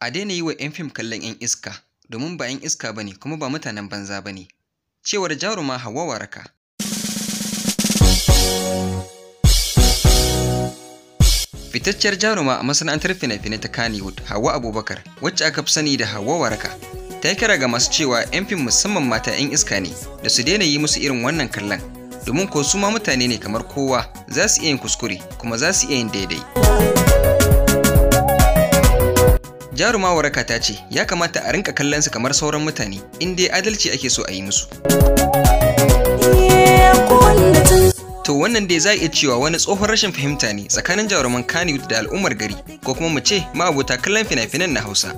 a daina yi wa 'yan fim kallon 'yan iska domin ba 'yan iska ba ne kuma ba mutanen banza ba ne cewar jaruma hawa waraka fitacciyar jaruma a masana'antar fina-finai ta kannywood hawa abubakar wacce aka fi sani da hawa waraka ta yi kira ga masu cewa 'yan fim musamman mata 'yan iska ne da su daina yi musu irin wannan kallon domin ko su ma mutane ne kamar kowa za su iya yin kuskure kuma za su iya yin daidai jarumawa waraka ta ce ya kamata a rinka kallon su kamar sauran mutane in dai adalci ake so a yi musu to wannan dai za iya cewa wani tsohon rashin fahimta ne tsakanin jaruman kaniwood da al'ummar gari ko kuma mu ce ma'abota kallon fina-finan na hausa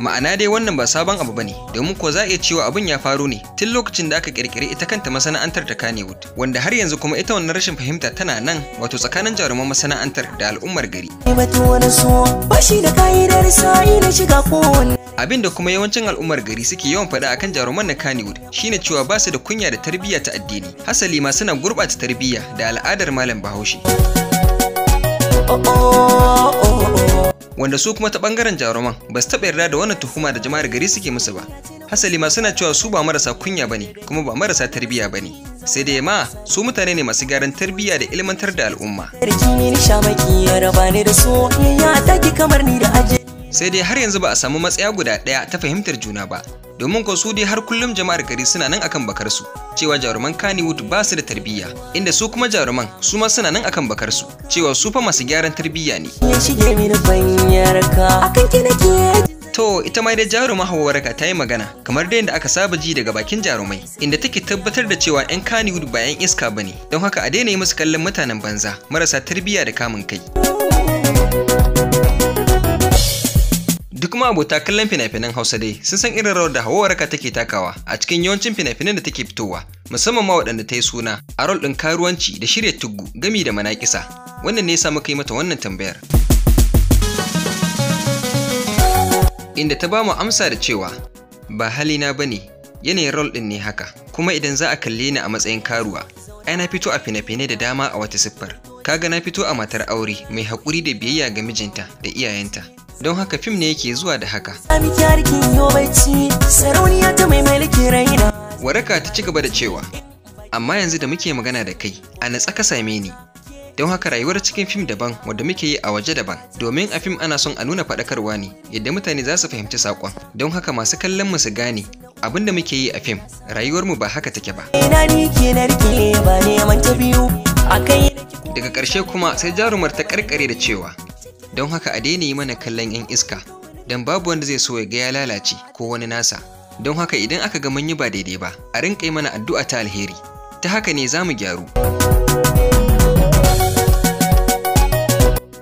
ma'ana dai wannan ba sabon abu bane domin ko za a iya cewa abin ya faru ne tun lokacin da aka kirkiri ita kanta masana'antar ta Kannywood wanda har yanzu kuma ita wannan rashin fahimta tana nan wato tsakanin jaruman masana'antar da al'ummar gari abin da kuma yawancin al'ummar gari suke yawan faɗa akan jaruman na Kannywood shine cewa ba su da kunya da tarbiyya ta addini hasali ma suna gurɓata tarbiyya da al'adar malam Bahaushe. Oh, oh, oh, oh. oh. wanda su kuma ta bangaren jaruman ba su taɓa yarda da wannan tuhuma da jama'ar gari suke musu ba hasali ma suna cewa su ba marasa kunya bane kuma ba marasa tarbiyya bane sai dai ma su mutane ne masu gyaran tarbiyya da ilmantar da al'umma sai dai har yanzu ba a samu matsaya guda ɗaya ta fahimtar juna ba domin ko su dai har kullum jama'ar gari suna nan akan bakar su. cewa jaruman Kannywood ba su da tarbiyya inda su kuma jaruman su ma suna nan akan bakar su. cewa su fa masu gyaran tarbiyya ne To ita ma dai jaruma Waraka ta yi magana kamar da yadda aka saba ji daga bakin jarumai inda take tabbatar da cewa 'yan Kannywood ba 'yan iska ba ne don haka a daina yi musu kallon mutanen banza marasa tarbiyya da kamun kai. Duk ma abota kallon fina-finan Hausa dai sun san irin rawar da Hauwa Raka take takawa a cikin yawancin fina-finan da take fitowa, musamman ma waɗanda ta yi suna a rol ɗin karuwanci da shirya tuggu gami da manaƙisa. Wannan ne ya sa muka yi mata wannan tambayar. Inda ta bamu amsa da cewa ba halina ba ne, yanayin rol ɗin ne haka, kuma idan za a kalle ni a matsayin karuwa, ai na fito a fina-finai da dama a wata siffar. Kaga na fito a matar aure mai haƙuri da biyayya ga mijinta da iyayenta. don haka fim ne yake zuwa da haka waraka ta ci gaba da cewa amma yanzu da muke magana da kai a natsa ka same ni don haka rayuwar cikin fim daban wadda muke yi a waje daban domin a fim ana son a nuna faɗakarwa ne yadda mutane za su fahimci saƙon don haka masu kallon mu su gane abin da muke yi a fim rayuwar mu ba haka take ba daga ƙarshe kuma sai jarumar ta ƙarƙare da cewa don haka a daina yi mana kallon 'yan iska don babu wanda zai so ya ga ya lalace ko wani nasa don haka idan aka ga mun yi ba daidai ba a rinka yi mana addu'a ta alheri ta haka ne za mu gyaru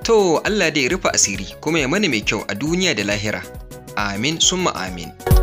to Allah dai rufa asiri kuma ya mana mai kyau a duniya da lahira amin summa amin